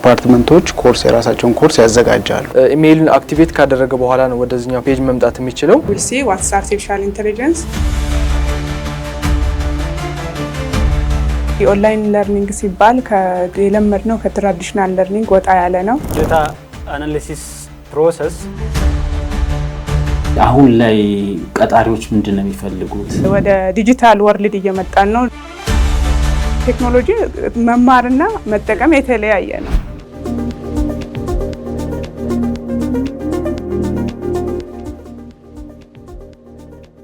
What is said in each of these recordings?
ዲፓርትመንቶች ኮርስ የራሳቸውን ኮርስ ያዘጋጃሉ። ኢሜይልን አክቲቬት ካደረገ በኋላ ነው ወደዚህኛው ፔጅ መምጣት የሚችለው። ሲ የኦንላይን ለርኒንግ ሲባል የለመድ ነው ከትራዲሽናል ለርኒንግ ወጣ ያለ ነው። ዳታ አናሊሲስ ፕሮሰስ አሁን ላይ ቀጣሪዎች ምንድን ነው የሚፈልጉት? ወደ ዲጂታል ወርልድ እየመጣን ነው። ቴክኖሎጂ መማርና መጠቀም የተለያየ ነው።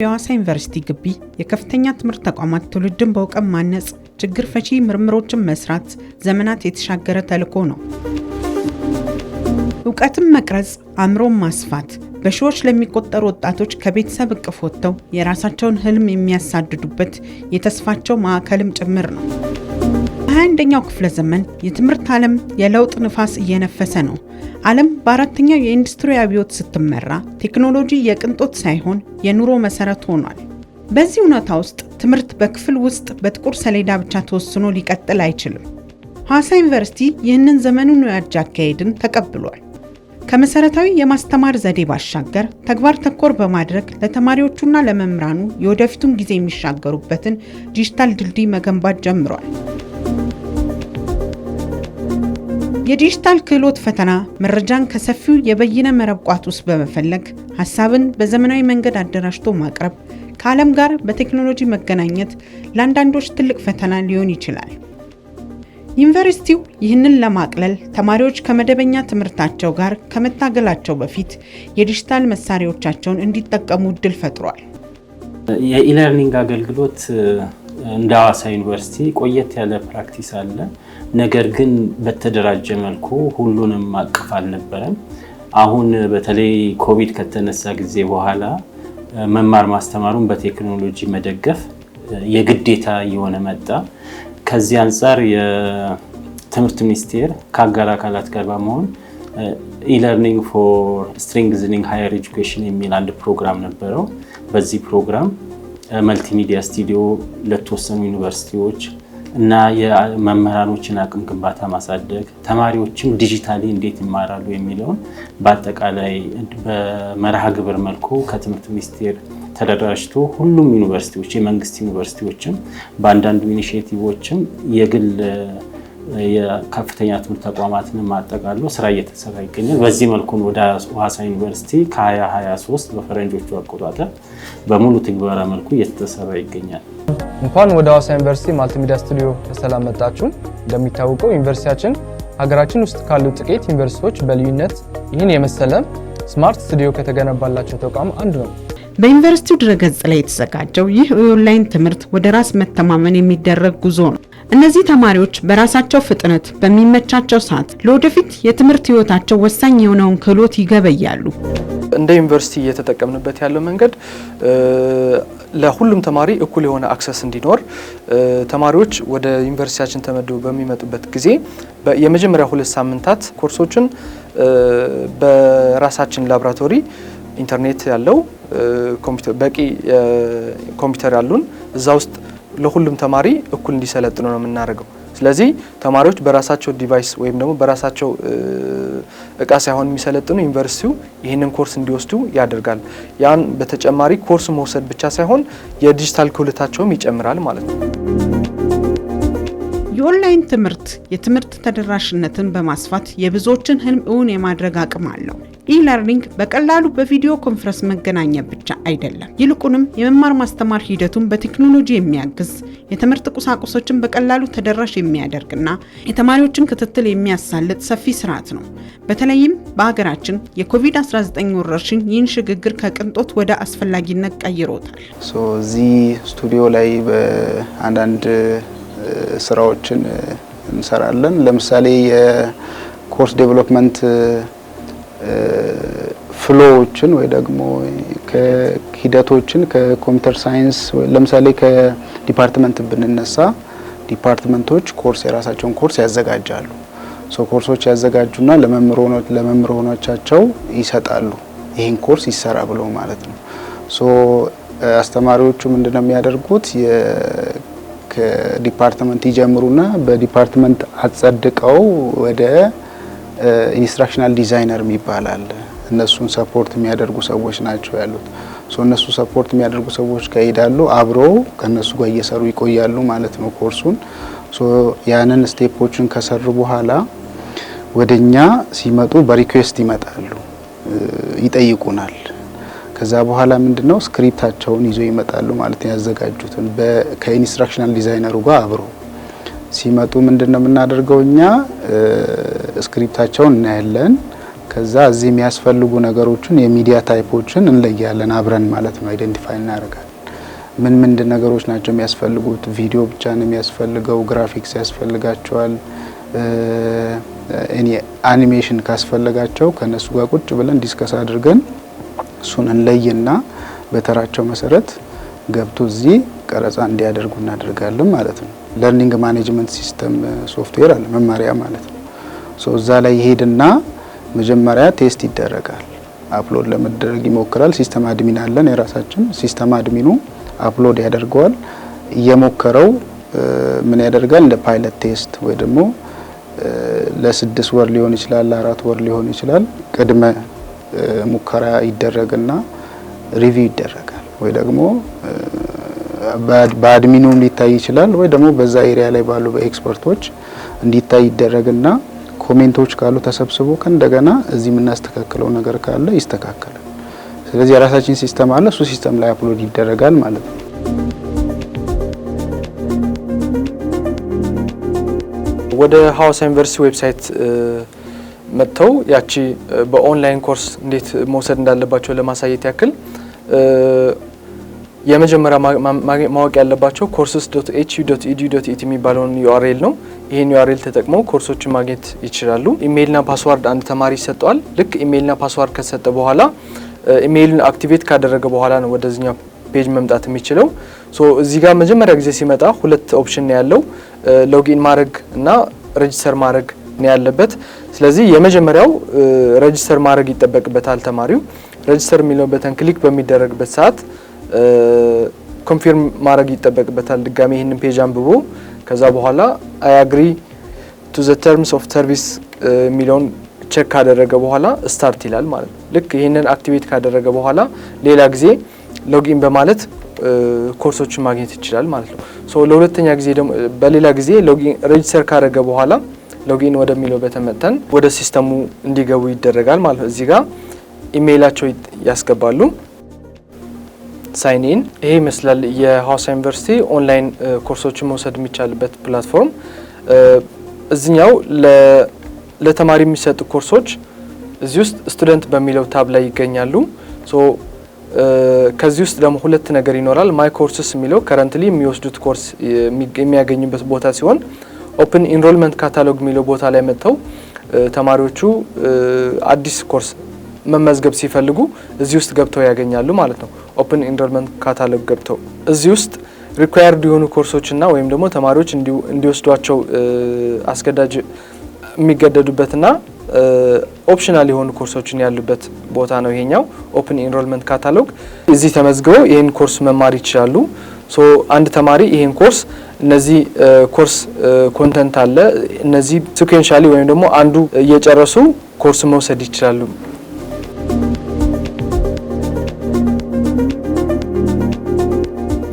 የሐዋሳ ዩኒቨርሲቲ ግቢ የከፍተኛ ትምህርት ተቋማት ትውልድን በእውቀት ማነጽ፣ ችግር ፈቺ ምርምሮችን መስራት ዘመናት የተሻገረ ተልዕኮ ነው። እውቀትን መቅረጽ፣ አእምሮን ማስፋት በሺዎች ለሚቆጠሩ ወጣቶች ከቤተሰብ እቅፍ ወጥተው የራሳቸውን ህልም የሚያሳድዱበት የተስፋቸው ማዕከልም ጭምር ነው። በ21ኛው ክፍለ ዘመን የትምህርት ዓለም የለውጥ ንፋስ እየነፈሰ ነው። ዓለም በአራተኛው የኢንዱስትሪ አብዮት ስትመራ ቴክኖሎጂ የቅንጦት ሳይሆን የኑሮ መሰረት ሆኗል። በዚህ እውነታ ውስጥ ትምህርት በክፍል ውስጥ በጥቁር ሰሌዳ ብቻ ተወስኖ ሊቀጥል አይችልም። ሐዋሳ ዩኒቨርሲቲ ይህንን ዘመኑን የዋጀ አካሄድን ተቀብሏል። ከመሰረታዊ የማስተማር ዘዴ ባሻገር ተግባር ተኮር በማድረግ ለተማሪዎቹና ለመምህራኑ የወደፊቱን ጊዜ የሚሻገሩበትን ዲጂታል ድልድይ መገንባት ጀምሯል። የዲጂታል ክህሎት ፈተና መረጃን ከሰፊው የበይነ መረብ ቋት ውስጥ በመፈለግ ሀሳብን በዘመናዊ መንገድ አደራጅቶ ማቅረብ ከዓለም ጋር በቴክኖሎጂ መገናኘት ለአንዳንዶች ትልቅ ፈተና ሊሆን ይችላል። ዩኒቨርሲቲው ይህንን ለማቅለል ተማሪዎች ከመደበኛ ትምህርታቸው ጋር ከመታገላቸው በፊት የዲጂታል መሳሪያዎቻቸውን እንዲጠቀሙ እድል ፈጥሯል። የኢለርኒንግ አገልግሎት እንደ ሐዋሳ ዩኒቨርሲቲ ቆየት ያለ ፕራክቲስ አለ። ነገር ግን በተደራጀ መልኩ ሁሉንም አቅፍ አልነበረም። አሁን በተለይ ኮቪድ ከተነሳ ጊዜ በኋላ መማር ማስተማሩን በቴክኖሎጂ መደገፍ የግዴታ እየሆነ መጣ። ከዚህ አንጻር የትምህርት ሚኒስቴር ከአጋር አካላት ጋር በመሆን ኢለርኒንግ ፎር ስትሪንግዝኒንግ ሃየር ኤጁኬሽን የሚል አንድ ፕሮግራም ነበረው። በዚህ ፕሮግራም መልቲሚዲያ ስቱዲዮ ለተወሰኑ ዩኒቨርሲቲዎች እና የመምህራኖችን አቅም ግንባታ ማሳደግ፣ ተማሪዎችም ዲጂታሊ እንዴት ይማራሉ የሚለውን በአጠቃላይ በመርሃ ግብር መልኩ ከትምህርት ሚኒስቴር ተደራጅቶ ሁሉም ዩኒቨርሲቲዎች የመንግስት ዩኒቨርሲቲዎችም በአንዳንዱ ኢኒሽቲቮችም የግል የከፍተኛ ትምህርት ተቋማትን አጠቃሎ ስራ እየተሰራ ይገኛል። በዚህ መልኩ ወደ ሀዋሳ ዩኒቨርሲቲ ከ2023 በፈረንጆቹ አቆጣጠር በሙሉ ትግበራ መልኩ እየተሰራ ይገኛል። እንኳን ወደ ሀዋሳ ዩኒቨርሲቲ ማልቲሚዲያ ስቱዲዮ በሰላም መጣችሁ። እንደሚታወቀው ዩኒቨርሲቲያችን ሀገራችን ውስጥ ካሉ ጥቂት ዩኒቨርሲቲዎች በልዩነት ይህን የመሰለ ስማርት ስቱዲዮ ከተገነባላቸው ተቋም አንዱ ነው። በዩኒቨርሲቲው ድረገጽ ላይ የተዘጋጀው ይህ የኦንላይን ትምህርት ወደ ራስ መተማመን የሚደረግ ጉዞ ነው። እነዚህ ተማሪዎች በራሳቸው ፍጥነት በሚመቻቸው ሰዓት ለወደፊት የትምህርት ህይወታቸው ወሳኝ የሆነውን ክህሎት ይገበያሉ። እንደ ዩኒቨርሲቲ እየተጠቀምንበት ያለው መንገድ ለሁሉም ተማሪ እኩል የሆነ አክሰስ እንዲኖር ተማሪዎች ወደ ዩኒቨርሲቲያችን ተመድበው በሚመጡበት ጊዜ የመጀመሪያ ሁለት ሳምንታት ኮርሶችን በራሳችን ላብራቶሪ ኢንተርኔት ያለው በቂ ኮምፒውተር ያሉን እዛ ውስጥ ለሁሉም ተማሪ እኩል እንዲሰለጥኑ ነው የምናደርገው። ስለዚህ ተማሪዎች በራሳቸው ዲቫይስ ወይም ደግሞ በራሳቸው እቃ ሳይሆን የሚሰለጥኑ ዩኒቨርሲቲው ይህንን ኮርስ እንዲወስዱ ያደርጋል። ያን በተጨማሪ ኮርስ መውሰድ ብቻ ሳይሆን የዲጂታል ክህሎታቸውም ይጨምራል ማለት ነው። የኦንላይን ትምህርት የትምህርት ተደራሽነትን በማስፋት የብዙዎችን ህልም እውን የማድረግ አቅም አለው። ኢለርኒንግ በቀላሉ በቪዲዮ ኮንፈረንስ መገናኛ ብቻ አይደለም። ይልቁንም የመማር ማስተማር ሂደቱን በቴክኖሎጂ የሚያግዝ የትምህርት ቁሳቁሶችን በቀላሉ ተደራሽ የሚያደርግና የተማሪዎችን ክትትል የሚያሳልጥ ሰፊ ስርዓት ነው። በተለይም በሀገራችን የኮቪድ-19 ወረርሽኝ ይህን ሽግግር ከቅንጦት ወደ አስፈላጊነት ቀይሮታል። እዚህ ስቱዲዮ ላይ በአንዳንድ ስራዎችን እንሰራለን። ለምሳሌ የኮርስ ዴቨሎፕመንት ፍሎዎችን ወይ ደግሞ ሂደቶችን ከኮምፒውተር ሳይንስ ለምሳሌ ከዲፓርትመንት ብንነሳ ዲፓርትመንቶች ኮርስ የራሳቸውን ኮርስ ያዘጋጃሉ። ሶ ኮርሶች ያዘጋጁና ለመምህራኖቻቸው ይሰጣሉ። ይህን ኮርስ ይሰራ ብሎ ማለት ነው። ሶ አስተማሪዎቹ ምንድነው የሚያደርጉት? ከዲፓርትመንት ይጀምሩና በዲፓርትመንት አጸድቀው ወደ ኢንስትራክሽናል ዲዛይነር ይባላል። እነሱን ሰፖርት የሚያደርጉ ሰዎች ናቸው ያሉት። እነሱ ሰፖርት የሚያደርጉ ሰዎች ከሄዳሉ አብረው ከነሱ ጋር እየሰሩ ይቆያሉ ማለት ነው ኮርሱን። ያንን ስቴፖችን ከሰሩ በኋላ ወደኛ ሲመጡ በሪኩዌስት ይመጣሉ፣ ይጠይቁናል። ከዛ በኋላ ምንድነው ስክሪፕታቸውን ይዘው ይመጣሉ ማለት ነው ያዘጋጁትን ከኢንስትራክሽናል ዲዛይነሩ ጋር አብሮ ሲመጡ ምንድነው የምናደርገው እኛ ስክሪፕታቸውን እናያለን። ከዛ እዚህ የሚያስፈልጉ ነገሮችን የሚዲያ ታይፖችን እንለያለን አብረን ማለት ነው። አይደንቲፋይ እናደርጋለን። ምን ምንድን ነገሮች ናቸው የሚያስፈልጉት? ቪዲዮ ብቻ ነው የሚያስፈልገው? ግራፊክስ ያስፈልጋቸዋል? እኔ አኒሜሽን ካስፈለጋቸው ከነሱ ጋር ቁጭ ብለን ዲስከስ አድርገን እሱን እንለይና በተራቸው መሰረት ገብቶ እዚህ ቀረጻ እንዲያደርጉ እናደርጋለን ማለት ነው። ለርኒንግ ማኔጅመንት ሲስተም ሶፍትዌር አለ መማሪያ ማለት ነው። እዛ ላይ ይሄድና መጀመሪያ ቴስት ይደረጋል። አፕሎድ ለመደረግ ይሞክራል። ሲስተም አድሚን አለን የራሳችን። ሲስተም አድሚኑ አፕሎድ ያደርገዋል። እየሞከረው ምን ያደርጋል? እንደ ፓይለት ቴስት ወይ ደግሞ ለስድስት ወር ሊሆን ይችላል፣ ለአራት ወር ሊሆን ይችላል። ቅድመ ሙከራ ይደረግና ሪቪው ይደረጋል ወይ ደግሞ በአድሚኑም ሊታይ ይችላል ወይ ደግሞ በዛ ኤሪያ ላይ ባሉ በኤክስፐርቶች እንዲታይ ይደረግና ኮሜንቶች ካሉ ተሰብስቦ ከእንደገና እዚህ የምናስተካክለው ነገር ካለ ይስተካከላል። ስለዚህ የራሳችን ሲስተም አለ። እሱ ሲስተም ላይ አፕሎድ ይደረጋል ማለት ነው። ወደ ሀዋሳ ዩኒቨርሲቲ ዌብሳይት መጥተው ያቺ በኦንላይን ኮርስ እንዴት መውሰድ እንዳለባቸው ለማሳየት ያክል የመጀመሪያ ማወቅ ያለባቸው ኮርስስ ዶት ኤች ዩ ዶት ኢዲዩ ዶት የሚባለውን ዩአርኤል ነው። ይህን ዩአርኤል ተጠቅመው ኮርሶችን ማግኘት ይችላሉ። ኢሜይልና ፓስዋርድ አንድ ተማሪ ይሰጠዋል። ልክ ኢሜይልና ፓስዋርድ ከተሰጠ በኋላ ኢሜይልን አክቲቬት ካደረገ በኋላ ነው ወደዚህኛው ፔጅ መምጣት የሚችለው። ሶ እዚህ ጋር መጀመሪያ ጊዜ ሲመጣ ሁለት ኦፕሽን ያለው ሎጊን ማድረግ እና ሬጅስተር ማድረግ ነው ያለበት። ስለዚህ የመጀመሪያው ሬጅስተር ማድረግ ይጠበቅበታል ተማሪው። ሬጅስተር የሚለው ክሊክ በሚደረግበት ሰዓት ኮንፊርም ማድረግ ይጠበቅበታል። ድጋሚ ይህንን ፔጅ አንብቦ ከዛ በኋላ አይ አግሪ ቱ ዘ ተርምስ ኦፍ ሰርቪስ የሚለውን ቼክ ካደረገ በኋላ ስታርት ይላል ማለት ነው። ልክ ይህንን አክቲቬት ካደረገ በኋላ ሌላ ጊዜ ሎጊን በማለት ኮርሶችን ማግኘት ይችላል ማለት ነው። ሶ ለሁለተኛ ጊዜ ደግሞ በሌላ ጊዜ ሎጊን ሬጅስተር ካደረገ በኋላ ሎጊን ወደሚለው በተመጠን ወደ ሲስተሙ እንዲገቡ ይደረጋል ማለት ነው። እዚህ ጋር ኢሜይላቸው ያስገባሉ። ሳይን ይሄ ይመስላል የሀዋሳ ዩኒቨርሲቲ ኦንላይን ኮርሶችን መውሰድ የሚቻልበት ፕላትፎርም። እዚኛው ለተማሪ የሚሰጡ ኮርሶች እዚህ ውስጥ ስቱደንት በሚለው ታብ ላይ ይገኛሉ። ሶ ከዚህ ውስጥ ደግሞ ሁለት ነገር ይኖራል። ማይ ኮርስስ የሚለው ከረንትሊ የሚወስዱት ኮርስ የሚያገኙበት ቦታ ሲሆን ኦፕን ኢንሮልመንት ካታሎግ የሚለው ቦታ ላይ መጥተው ተማሪዎቹ አዲስ ኮርስ መመዝገብ ሲፈልጉ እዚህ ውስጥ ገብተው ያገኛሉ ማለት ነው። ኦፕን ኢንሮልመንት ካታሎግ ገብተው እዚህ ውስጥ ሪኳየርድ የሆኑ ኮርሶችና ወይም ደግሞ ተማሪዎች እንዲወስዷቸው አስገዳጅ የሚገደዱበትና ኦፕሽናል የሆኑ ኮርሶችን ያሉበት ቦታ ነው ይሄኛው ኦፕን ኢንሮልመንት ካታሎግ። እዚህ ተመዝግበው ይህን ኮርስ መማር ይችላሉ። ሶ አንድ ተማሪ ይህን ኮርስ እነዚህ ኮርስ ኮንተንት አለ እነዚህ ሲኩዌንሻሊ ወይም ደግሞ አንዱ እየጨረሱ ኮርስ መውሰድ ይችላሉ።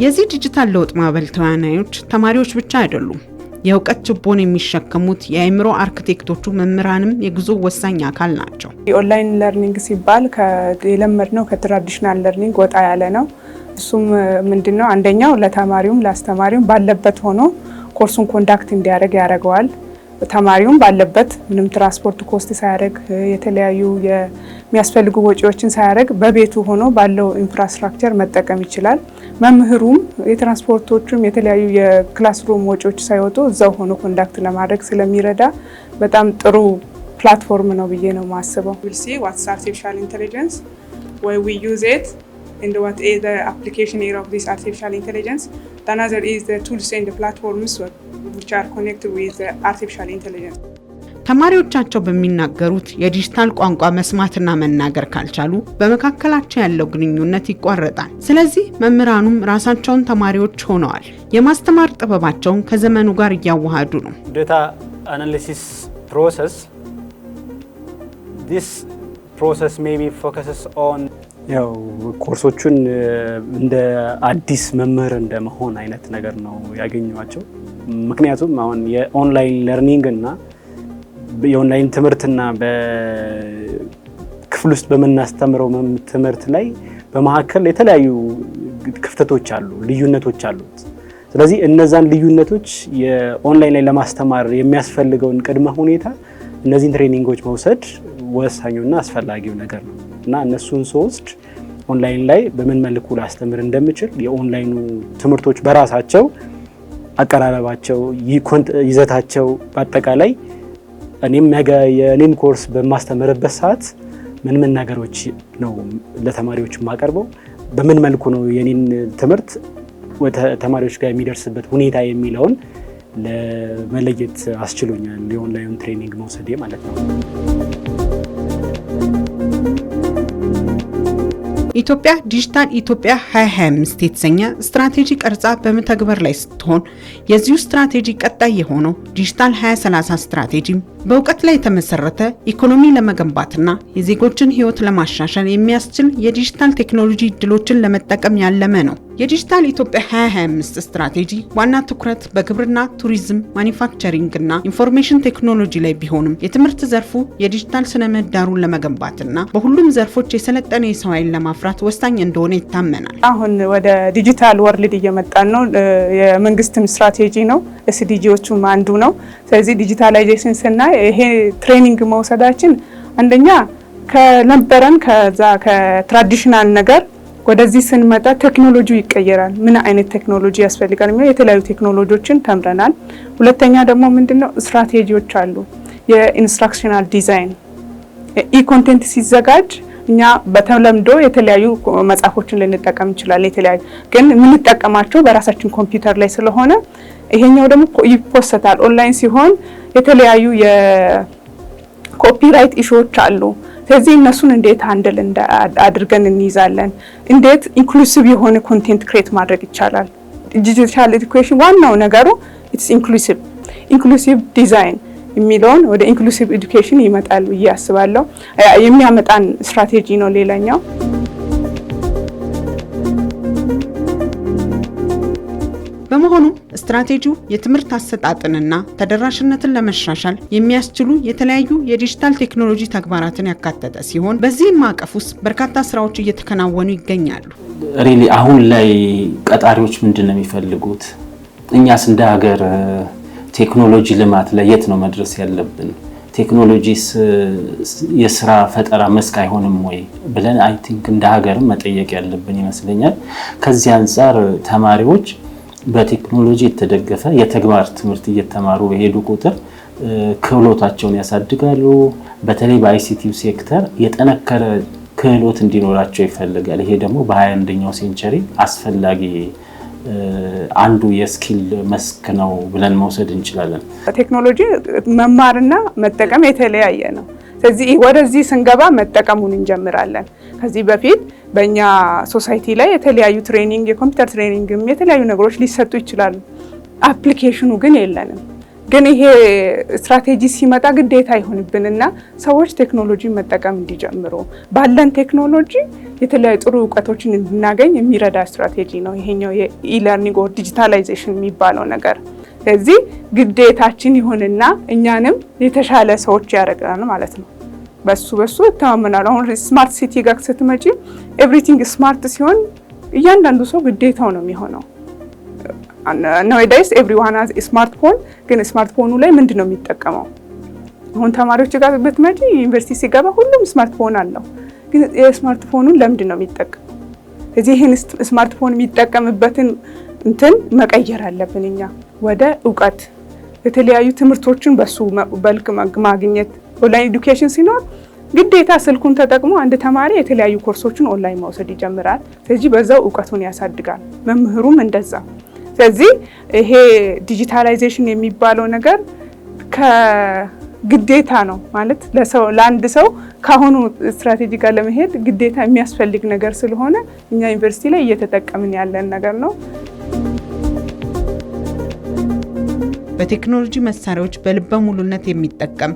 የዚህ ዲጂታል ለውጥ ማዕበል ተዋናዮች ተማሪዎች ብቻ አይደሉም። የእውቀት ችቦን የሚሸከሙት የአእምሮ አርክቴክቶቹ መምህራንም የጉዞ ወሳኝ አካል ናቸው። የኦንላይን ለርኒንግ ሲባል የለመድነው ከትራዲሽናል ለርኒንግ ወጣ ያለ ነው። እሱም ምንድን ነው? አንደኛው ለተማሪውም ለአስተማሪውም ባለበት ሆኖ ኮርሱን ኮንዳክት እንዲያደርግ ያደርገዋል። ተማሪውም ባለበት ምንም ትራንስፖርት ኮስት ሳያደርግ የተለያዩ የሚያስፈልጉ ወጪዎችን ሳያደርግ በቤቱ ሆኖ ባለው ኢንፍራስትራክቸር መጠቀም ይችላል። መምህሩም የትራንስፖርቶቹም የተለያዩ የክላስሩም ወጪዎች ሳይወጡ እዛው ሆኖ ኮንዳክት ለማድረግ ስለሚረዳ በጣም ጥሩ ፕላትፎርም ነው ብዬ ነው የማስበው። አርቲፊሻል ኢንቴሊጀንስ አፕሊኬሽን ተማሪዎቻቸው በሚናገሩት የዲጂታል ቋንቋ መስማትና መናገር ካልቻሉ በመካከላቸው ያለው ግንኙነት ይቋረጣል። ስለዚህ መምህራኑም ራሳቸውን ተማሪዎች ሆነዋል። የማስተማር ጥበባቸውን ከዘመኑ ጋር እያዋሃዱ ነው። ዴታ አናሊሲስ ፕሮሰስ ዲስ ፕሮሰስ ሜይ ቢ ፎከስስ ኦን ያው ኮርሶቹን እንደ አዲስ መምህር እንደ መሆን አይነት ነገር ነው ያገኘቸው ምክንያቱም አሁን የኦንላይን ለርኒንግ እና የኦንላይን ትምህርትና በክፍል ውስጥ በምናስተምረው ትምህርት ላይ በመካከል የተለያዩ ክፍተቶች አሉ፣ ልዩነቶች አሉት። ስለዚህ እነዛን ልዩነቶች የኦንላይን ላይ ለማስተማር የሚያስፈልገውን ቅድመ ሁኔታ እነዚህን ትሬኒንጎች መውሰድ ወሳኙና አስፈላጊው ነገር ነው እና እነሱን ስወስድ ኦንላይን ላይ በምን መልኩ ላስተምር እንደምችል የኦንላይኑ ትምህርቶች በራሳቸው አቀራረባቸው፣ ይዘታቸው በአጠቃላይ እኔም ነገ የኔን ኮርስ በማስተምርበት ሰዓት ምን ምን ነገሮች ነው ለተማሪዎች የማቀርበው፣ በምን መልኩ ነው የኔን ትምህርት ተማሪዎች ጋር የሚደርስበት ሁኔታ የሚለውን ለመለየት አስችሎኛል። የኦንላይን ትሬኒንግ መውሰዴ ማለት ነው። ኢትዮጵያ ዲጂታል ኢትዮጵያ 2025 የተሰኘ ስትራቴጂ ቀርጻ በመተግበር ላይ ስትሆን የዚሁ ስትራቴጂ ቀጣይ የሆነው ዲጂታል 2030 ስትራቴጂም በእውቀት ላይ የተመሰረተ ኢኮኖሚ ለመገንባትና የዜጎችን ህይወት ለማሻሻል የሚያስችል የዲጂታል ቴክኖሎጂ እድሎችን ለመጠቀም ያለመ ነው። የዲጂታል ኢትዮጵያ 2025 ስትራቴጂ ዋና ትኩረት በግብርና፣ ቱሪዝም፣ ማኒፋክቸሪንግ እና ኢንፎርሜሽን ቴክኖሎጂ ላይ ቢሆንም የትምህርት ዘርፉ የዲጂታል ስነ ምህዳሩን ለመገንባትና በሁሉም ዘርፎች የሰለጠነ የሰው ኃይል ለማፍራት ወሳኝ እንደሆነ ይታመናል። አሁን ወደ ዲጂታል ወርልድ እየመጣን ነው። የመንግስትም ስትራቴጂ ነው፣ ኤስዲጂዎቹም አንዱ ነው። ስለዚህ ዲጂታላይዜሽን ስና ይሄ ትሬኒንግ መውሰዳችን አንደኛ ከነበረን ከዛ ከትራዲሽናል ነገር ወደዚህ ስንመጣ ቴክኖሎጂ ይቀየራል። ምን አይነት ቴክኖሎጂ ያስፈልጋል የሚለው የተለያዩ ቴክኖሎጂዎችን ተምረናል። ሁለተኛ ደግሞ ምንድነው ስትራቴጂዎች አሉ። የኢንስትራክሽናል ዲዛይን ኢ ኮንቴንት ሲዘጋጅ እኛ በተለምዶ የተለያዩ መጽሐፎችን ልንጠቀም እንችላለን። የተለያዩ ግን የምንጠቀማቸው በራሳችን ኮምፒውተር ላይ ስለሆነ ይሄኛው ደግሞ ይፖሰታል ኦንላይን ሲሆን የተለያዩ የኮፒራይት ኢሹዎች አሉ። ስለዚህ እነሱን እንዴት አንድል አድርገን እንይዛለን? እንዴት ኢንክሉሲቭ የሆነ ኮንቴንት ክሬት ማድረግ ይቻላል? ዲጂታል ኤዱኬሽን ዋናው ነገሩ ኢትስ ኢንክሉሲቭ ኢንክሉሲቭ ዲዛይን የሚለውን ወደ ኢንክሉሲቭ ኤዱኬሽን ይመጣል ብዬ አስባለሁ። የሚያመጣን ስትራቴጂ ነው ሌላኛው። በመሆኑም ስትራቴጂው የትምህርት አሰጣጥንና ተደራሽነትን ለመሻሻል የሚያስችሉ የተለያዩ የዲጂታል ቴክኖሎጂ ተግባራትን ያካተተ ሲሆን በዚህም ማዕቀፍ ውስጥ በርካታ ስራዎች እየተከናወኑ ይገኛሉ። ሪሊ አሁን ላይ ቀጣሪዎች ምንድን ነው የሚፈልጉት? እኛስ እንደ ሀገር ቴክኖሎጂ ልማት ላይ የት ነው መድረስ ያለብን? ቴክኖሎጂ የስራ ፈጠራ መስክ አይሆንም ወይ ብለን አይ ቲንክ እንደ ሀገርም መጠየቅ ያለብን ይመስለኛል። ከዚህ አንጻር ተማሪዎች በቴክኖሎጂ የተደገፈ የተግባር ትምህርት እየተማሩ በሄዱ ቁጥር ክህሎታቸውን ያሳድጋሉ። በተለይ በአይሲቲ ሴክተር የጠነከረ ክህሎት እንዲኖራቸው ይፈልጋል። ይሄ ደግሞ በ21ኛው ሴንቸሪ አስፈላጊ አንዱ የስኪል መስክ ነው ብለን መውሰድ እንችላለን። ቴክኖሎጂ መማርና መጠቀም የተለያየ ነው። ስለዚህ ወደዚህ ስንገባ መጠቀሙን እንጀምራለን። ከዚህ በፊት በእኛ ሶሳይቲ ላይ የተለያዩ ትሬኒንግ፣ የኮምፒውተር ትሬኒንግም የተለያዩ ነገሮች ሊሰጡ ይችላሉ። አፕሊኬሽኑ ግን የለንም። ግን ይሄ ስትራቴጂ ሲመጣ ግዴታ ይሆንብንና ሰዎች ቴክኖሎጂ መጠቀም እንዲጀምሩ ባለን ቴክኖሎጂ የተለያዩ ጥሩ እውቀቶችን እንድናገኝ የሚረዳ ስትራቴጂ ነው ይሄኛው የኢለርኒንግ ኦር ዲጂታላይዜሽን የሚባለው ነገር። ስለዚህ ግዴታችን ይሁንና እኛንም የተሻለ ሰዎች ያደርገናል ማለት ነው። በሱ በሱ እተማመናለሁ። አሁን ስማርት ሲቲ ጋር ስትመጪ ኤቭሪቲንግ ስማርት ሲሆን እያንዳንዱ ሰው ግዴታው ነው የሚሆነው ናውዳይስ ኤቭሪዋን ሃዝ ስማርትፎን። ግን ስማርትፎኑ ላይ ምንድን ነው የሚጠቀመው? አሁን ተማሪዎች ጋር ብትመጪ ዩኒቨርሲቲ ሲገባ ሁሉም ስማርትፎን አለው። ግን የስማርትፎኑን ለምንድን ነው የሚጠቀመው? እዚህ ይህን ስማርትፎን የሚጠቀምበትን እንትን መቀየር አለብን እኛ ወደ እውቀት የተለያዩ ትምህርቶችን በሱ በልክ ማግኘት። ኦንላይን ኤዱኬሽን ሲኖር ግዴታ ስልኩን ተጠቅሞ አንድ ተማሪ የተለያዩ ኮርሶችን ኦንላይን መውሰድ ይጀምራል። ስለዚህ በዛው እውቀቱን ያሳድጋል። መምህሩም እንደዛ ስለዚህ ይሄ ዲጂታላይዜሽን የሚባለው ነገር ከግዴታ ነው ማለት ለሰው ለአንድ ሰው ከአሁኑ ስትራቴጂ ጋር ለመሄድ ግዴታ የሚያስፈልግ ነገር ስለሆነ እኛ ዩኒቨርሲቲ ላይ እየተጠቀምን ያለን ነገር ነው። በቴክኖሎጂ መሳሪያዎች በልበ ሙሉነት የሚጠቀም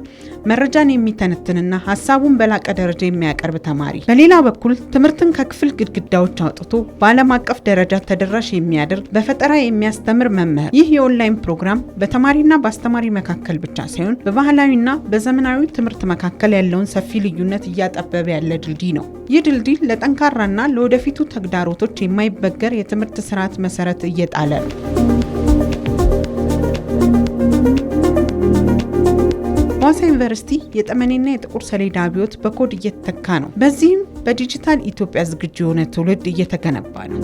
መረጃን የሚተነትንና ሀሳቡን በላቀ ደረጃ የሚያቀርብ ተማሪ፣ በሌላ በኩል ትምህርትን ከክፍል ግድግዳዎች አውጥቶ በዓለም አቀፍ ደረጃ ተደራሽ የሚያደርግ በፈጠራ የሚያስተምር መምህር። ይህ የኦንላይን ፕሮግራም በተማሪና በአስተማሪ መካከል ብቻ ሳይሆን በባህላዊና በዘመናዊ ትምህርት መካከል ያለውን ሰፊ ልዩነት እያጠበበ ያለ ድልድይ ነው። ይህ ድልድይ ለጠንካራና ለወደፊቱ ተግዳሮቶች የማይበገር የትምህርት ስርዓት መሰረት እየጣለ ነው። በሐዋሳ ዩኒቨርሲቲ የጠመኔና የጥቁር ሰሌዳ አብዮት በኮድ እየተተካ ነው። በዚህም በዲጂታል ኢትዮጵያ ዝግጁ የሆነ ትውልድ እየተገነባ ነው።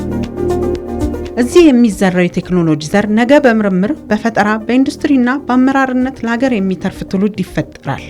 እዚህ የሚዘራው የቴክኖሎጂ ዘር ነገ በምርምር፣ በፈጠራ፣ በኢንዱስትሪና በአመራርነት ለሀገር የሚተርፍ ትውልድ ይፈጠራል።